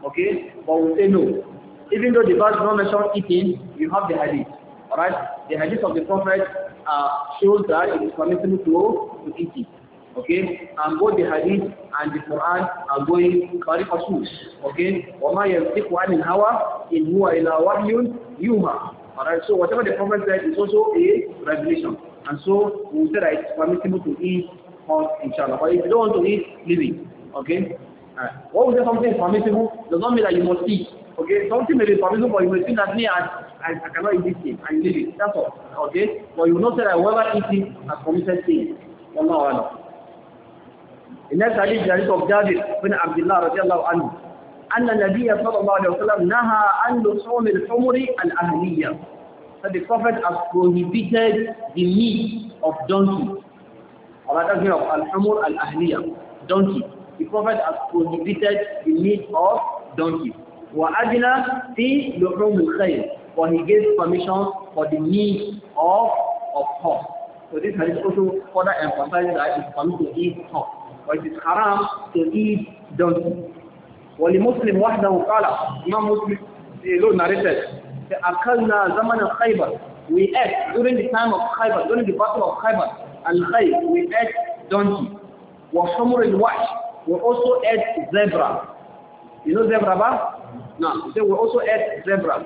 Okay? But we say no. Even though the verse does not mention eating, you have the hadith. Alright? The hadith of the Prophet uh, shows that it is permissible to, to eat it. Okay? And both the hadith and the Quran are going Khalifasus. Okay? وَمَا يَمْتِقُ عَنِ الْهَوَىٰ إِنْ هُوَ إِلَىٰ وَحْيٌ يُوحَىٰ Alright, so whatever the Prophet said is also a revelation. And so we said that it's permissible to eat pork, inshallah. But if you don't want to eat, leave it. Okay? Alright. What we say something permissible does not mean that you must eat. Okay, something may be permissible, but you may think that me, I, I, I cannot eat this thing, and leave it. That's all. Okay? But you will not say that whoever eats it has committed sin. Allah Allah. In that hadith, the hadith عبد الله رضي الله عنه أن النبي صلى الله عليه وسلم نهى عن لصوم الحمر الأهلية. So the Prophet has prohibited the meat of donkey. Or rather, of al-humur al-ahliya, donkey. The Prophet has prohibited the meat of donkey. وَأَجْنَا فِي لُحُومِ الْخَيْرِ For he gives permission for the meat of, of horse. So this has also further emphasized that it's permitted to eat horse. وإذ حرام to eat donkey ولمسلم وحده قال إمام مسلم له narrated أكلنا زمن خيبر we ate during the time of Khaybar during the battle of Khaybar al-Khayb we ate donkey وحمر الوحش we also ate zebra you know zebra ba? no so we also ate zebra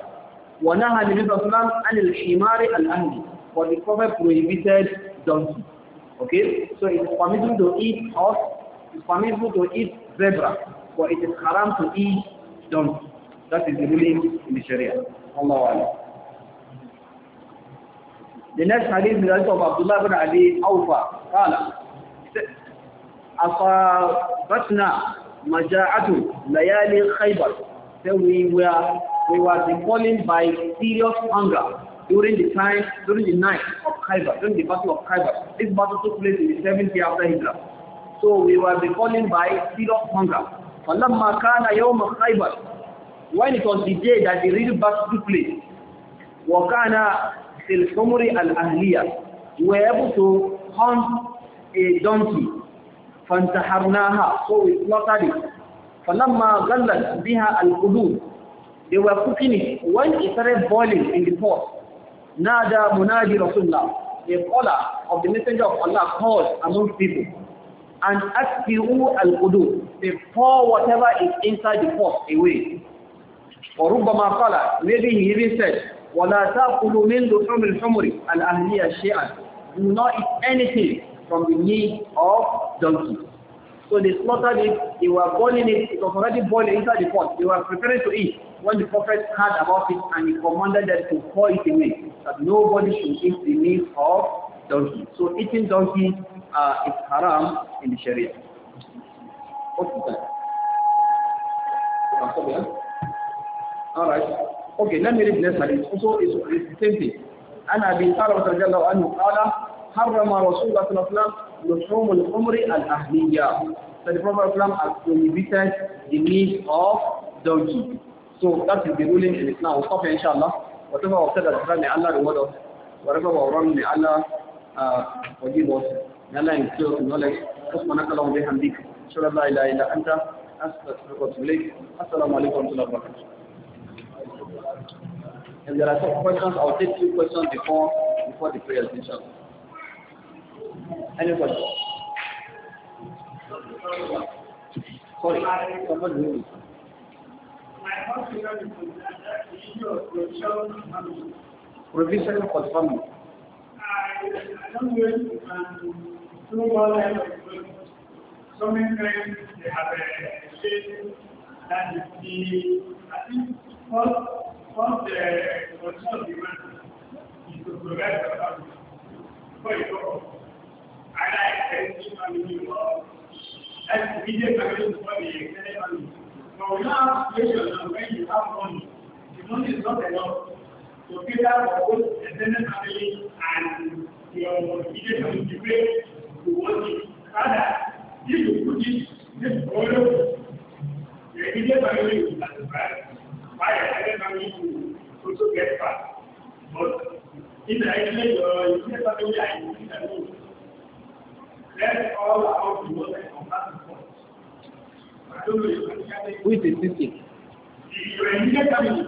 ونهى النبي صلى الله عليه وسلم عن الحمار ahli But the prophet prohibited donkey Okay? So it is permissible to eat horse, it is permissible to eat zebra, but it is haram to eat donkey. That is the ruling in the Sharia. Allah Allah. The next hadith is also of Abdullah ibn Ali Awfa. قال أصابتنا مجاعة ليالي خيبر. So we were, we were befallen by serious hunger during the time, during the night of Khyber, during the battle of Khyber, This battle took place in the seventh year after Hijrah. So we were befallen by serious hunger. كَانَ يَوْمَ خَيْبَرَ When it was the day that the real battle took place, وَكَانَ فِي الْحُمُرِ الْأَهْلِيَةِ We were able to hunt a donkey. فَانْتَحَرْنَاهَا So we slaughtered it. فَلَمَّا غَلَّتْ بِهَا الْقُدُودِ They were cooking it. When it started boiling in the pot, Nada Munadi Rasulullah, a caller of the Messenger of Allah called among people. And Asfi'u al-Qudu, they pour whatever is inside the pot away. Or Rubbama Qala, maybe he even said, وَلَا تَأْكُلُوا مِنْ لُحُمِ الْحُمْرِ الْأَهْلِيَ شَيْئًا Do not eat anything from the meat of donkey. So they slaughtered it, they were boiling it, it was already boiling inside the pot. They were preparing to eat when the prophet heard about it and he commanded them to pour it away that nobody should eat the meat of donkey. So eating donkey uh, is haram in the Sharia. What is that? All right. Okay, let me read next hadith. Also, it's, it's the same thing. عن أبي سالم رضي الله عنه قال حرم رسول الله صلى الله عليه وسلم لحوم الحمر الأهلية. So the Prophet has prohibited the meat of donkey. So that is the ruling in Islam. We'll stop here, inshallah. wata ba wata da tsara mai Allah ruwa da wata wata ba wauran mai Allah a waje da wata na Allah yin kiyo su nola kasu mana kalan bai hamdi shirar la ila ila anta assalamu alaikum wa rahmatullahi And there are some questions. I'll take two questions before before the prayer session. Anybody? Sorry, somebody. Provision for farming. I don't know they have a I think the is to I like the immediate family for the extended family. But we have situation when you have money the money is not enough to cater for both extended family and your education degree, you want it. Rather, if you put it, this borrow, your immediate family will satisfy, while your extended family to also get fat. But in the isolate, your uh, immediate family are in the room. That's all about the most important point. I don't know if you can the system. Your immediate family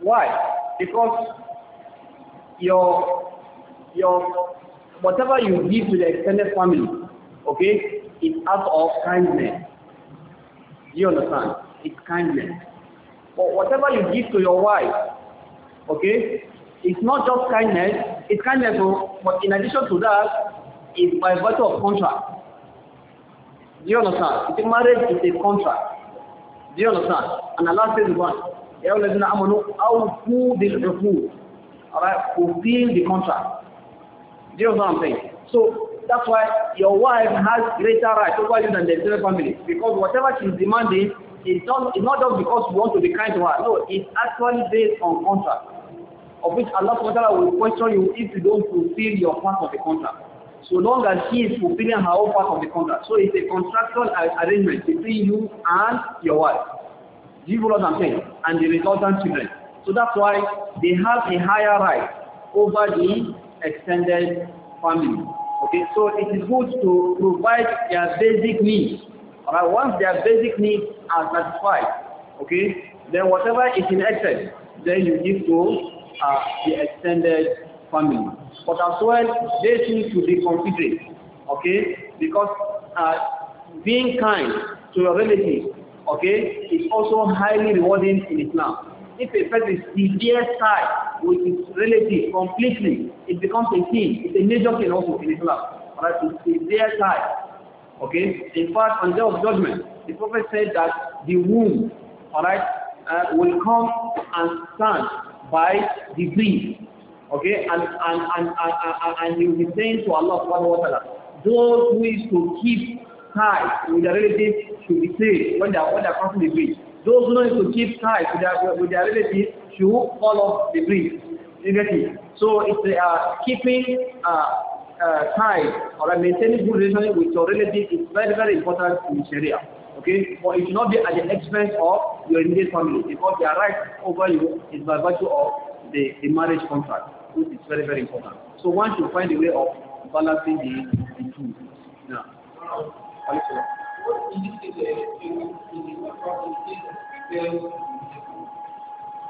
Why? Because your your whatever you give to the extended family, okay, it's out of kindness. Do you understand? It's kindness. But whatever you give to your wife, okay, it's not just kindness, it's kindness, oh, but in addition to that, it's by virtue of contract. Do you understand? It's a marriage, it's a contract. Do you understand? And Allah says one. يا أولى الذين آمنوا أوفوا بالعقود Alright, fulfill the contract. Do you know what I'm saying? So that's why your wife has greater rights over you than the entire family because whatever she's demanding is not, is not just because you want to be kind to her. No, it's actually based on contract of which Allah SWT will question you if you don't fulfill your part of the contract. So long as she is fulfilling her own part of the contract. So it's a contractual arrangement between you and your wife you brothers and and the resultant children. So that's why they have a higher right over the extended family. Okay, so it is good to provide their basic needs. Alright, once their basic needs are satisfied, okay, then whatever is in excess, then you give to uh, the extended family. But as well, they too to be considerate, okay, because uh, being kind to your relatives okay, is also highly rewarding in Islam. If a person is severe side with his relative completely, it becomes a sin. It's a major sin also in Islam. Alright, it's severe side. Okay? In fact, on the day of judgment, the Prophet said that the womb, alright, uh, will come and stand by the degrees. Okay? And, and, and, and, and, and he will be saying to Allah subhanahu wa ta'ala, those who is to keep ties with their relatives should be clear when they are, when they are crossing the bridge. Those who don't to keep ties with their, with their relatives should fall off the bridge. So if they are keeping uh, uh, ties or maintaining good relationship with your relatives is very, very important in Sharia. Okay? But it should not be at the expense of your immediate family because their right over you is by virtue of the, the marriage contract, which is very, very important. So once you find a way of balancing the, the two. Yeah.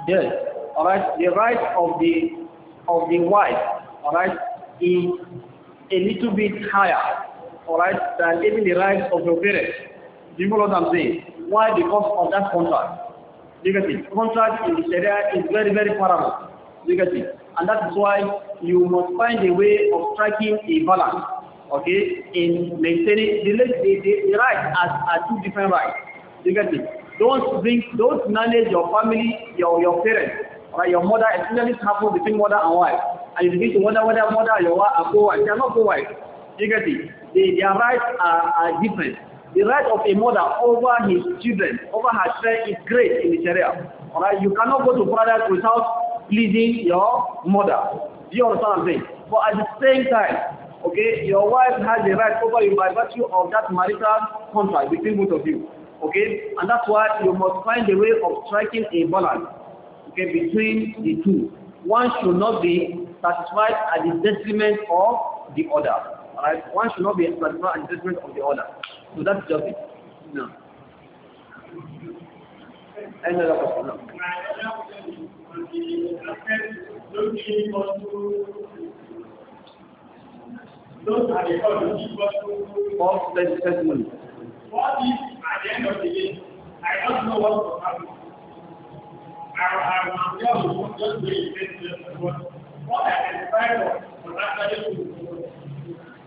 Yes. All right. The right of the of the wife, all right, is a little bit higher, all right, than even the right of your parents. Do you know what I'm saying? Why? Because of that contract. Because the Contract in this area is very, very paramount. You And that is why you must find a way of striking a balance okay, in maintaining the, the, the, the right as, as two different rights. You get it? Don't bring, don't manage your family, your, your parents, or right, your mother, especially this happens between mother and wife. And you begin to wonder whether mother or your wife are co-wife. They are not co-wife. You get it? They, their rights are, are different. The right of a mother over his children, over her child is great in the All right, you cannot go to paradise without pleasing your mother. you understand what I'm saying? But at the same time, Okay, your wife has the right over you by virtue of that marital contract between both of you. Okay, and that's why you must find a way of striking a balance. Okay, between the two. One should not be satisfied at the detriment of the other. Right, one should not be satisfied at the detriment of the other. So that's just it. No. Any other question? No. Those are the called people false testimony. What if at the end of the day, I don't know what will happen? I'm young, just doing this, what I expect was actually to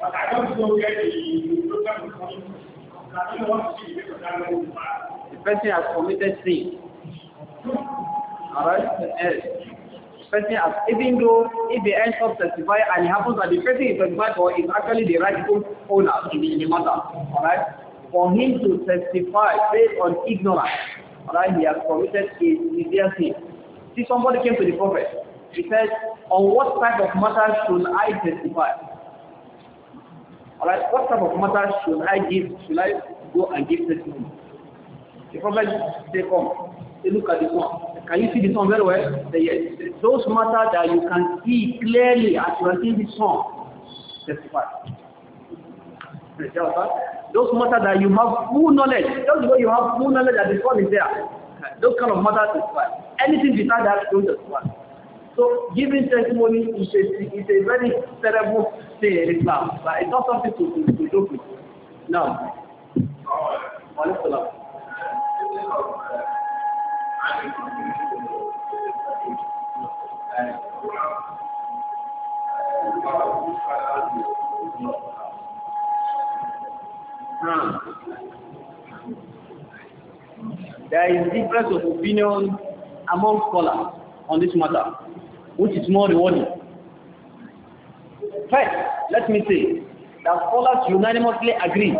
but I don't know where the program is coming from. I don't know to do because I don't know the person has committed sin. Alright? Yes. person as even though if they end up testifying and it happens that the person is testified for is actually the rightful owner in the, in the matter. Alright? For him to testify based on ignorance, alright, he has committed a severe sin. See somebody came to the prophet. He said, On what type of matter should I testify? Alright, what type of matter should I give? Should I go and give testimony? The prophet said, Come, they look at this one. Can you see the sun very well? The, those matter that you can see clearly as you are seeing the sun. Testify. Those matter that you have full knowledge. Just because you have full knowledge that the sun is there. Those kind of matter testify. Anything besides that don't going to testify. So giving testimony is a, is a very terrible thing in Islam, but it's not something to, to, to joke with. Now, Hmm. There is difference of opinion among scholars on this matter, which is more rewarding. First, let me say that scholars unanimously agree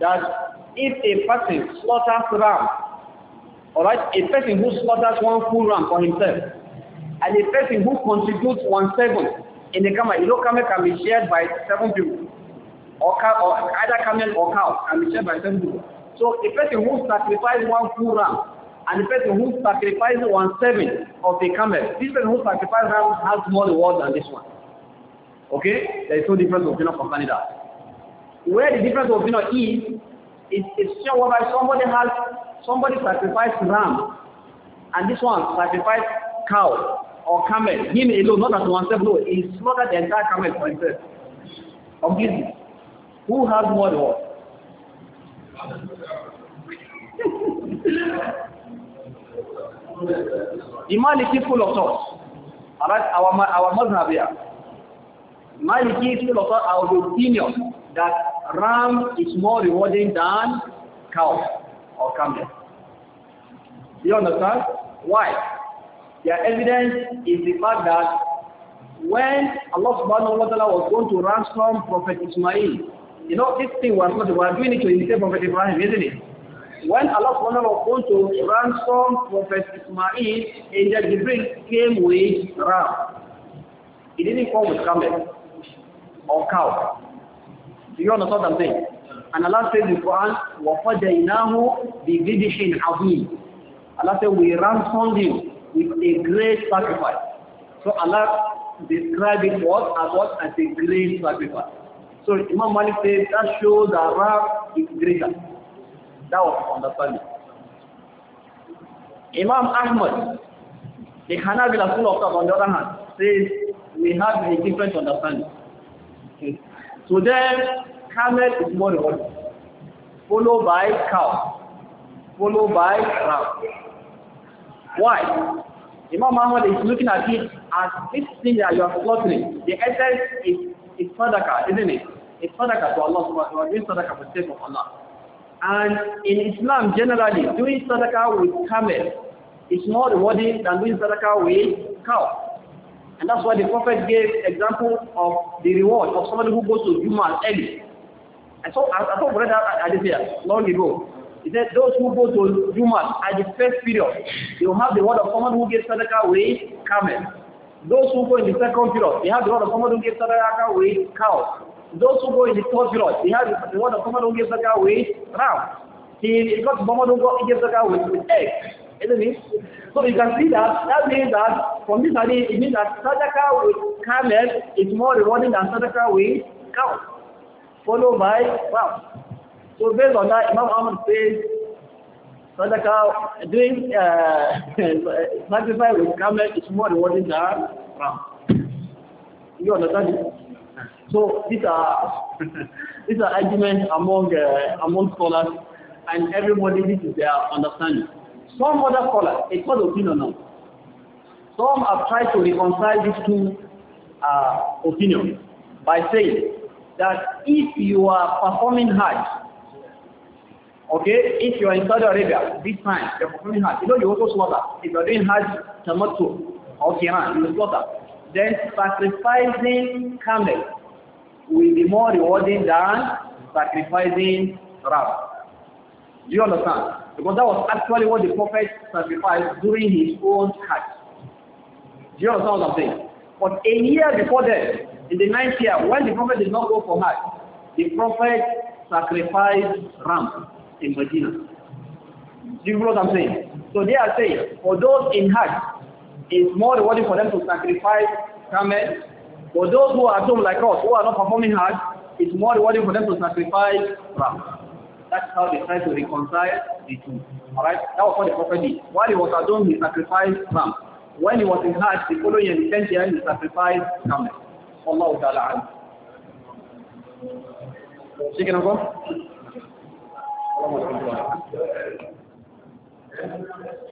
that if a person slaughters ram right. a person who slaughters one full ram for himself, and a person who contributes one seventh in the camel, you know camel can be shared by seven people, or, cow, or either camel or cow can be shared by seven people. So a person who sacrifices one full ram and the person who sacrifices one seventh of the camel, this person who sacrifices ram has more reward than this one. Okay? There is no difference of opinion concerning that. Where the difference of opinion is, is, is sure whether somebody has Somebody sacrificed ram, and this one sacrificed cow or camel. Him alone, not as step no. He slaughtered the entire camel for himself. Of this, who has more than what? (laughs) the Maliki full of thoughts. Alright, our our Muslim here. Maliki is full of thoughts. our opinion that ram is more rewarding than cow. or camel. You understand? Why? Their evidence is the fact that when Allah subhanahu wa ta'ala was going to ransom Prophet Ismail, you know, this thing was not, we are doing it to imitate Prophet Ibrahim, isn't it? When Allah subhanahu wa ta'ala was going to ransom Prophet Ismail, Angel Jibril came with ram. He didn't come with camel or cow. Do you understand what I'm saying? And Allah says in the Quran, وَفَدَيْنَاهُ بِذِبِحٍ عَظِيمٍ Allah says, we ransomed him with a great sacrifice. So Allah described it what as what as a great sacrifice. So Imam Malik says that shows that wrath is greater. That was understanding. Imam Ahmad, the Hanabila school of thought on the other hand, says we have a different understanding. Okay. So then Camel is more rewarding, followed by cow, followed by ram. Why? Imam Muhammad is looking at it as this thing that you are slaughtering. The essence is, is sadaqah, isn't it? It's sadaqah to Allah subhanahu wa ta'ala, doing sadaqah for the sake of Allah. And in Islam generally, doing sadaqah with camel is more rewarding than doing sadaqah with cow. And that's why the Prophet gave example of the reward of somebody who goes to Juma early I saw, I saw Brother Adesina long ago. He said, those who go to Juma at the first period, they will have the word of someone who gives Sadaka with camel. Those who go in the second period, they have the word of someone who gives Sadaka with cow. Those who go in the third period, they have the word of someone who gives Sadaka with ram. He got someone who gives Sadaka with, egg. Isn't it? So you can see that, that means that from this idea, it means that Sadaka with camel is more rewarding than Sadaka with cow followed by Ram. So based on that, Imam Ahmad says, Sadaqah, doing uh, (laughs) sacrifice with camel is more rewarding than Ram. You understand it? So these are (laughs) these are arguments among uh, among scholars, and everybody this is their understanding. Some other scholars, it's not opinion now. Some have tried to reconcile these two uh, opinions by saying that if you are performing Hajj, okay, if you are in Saudi Arabia, this time, you are performing Hajj, you know you also slaughter. If you are doing Hajj, Tamattu, or Kiran, you slaughter. Then sacrificing camel will be more rewarding than sacrificing ram. Do you understand? Because that was actually what the Prophet sacrificed during his own Hajj. Do you understand what I'm saying? But a year before that, In the ninth year, when the Prophet did not go for Hajj, the Prophet sacrificed ram in Medina. Do you know what I'm saying? So they are saying, for those in Hajj, it's more rewarding for them to sacrifice camel. For those who are at home like us, who are not performing Hajj, it's more rewarding for them to sacrifice ram. That's how they try to reconcile the two. All right? That was what the Prophet did. While he was at home, he sacrificed ram. When he was in Hajj, the following year, the 10 year, he sacrificed camel. wallahu ta'ala an shi kenan ko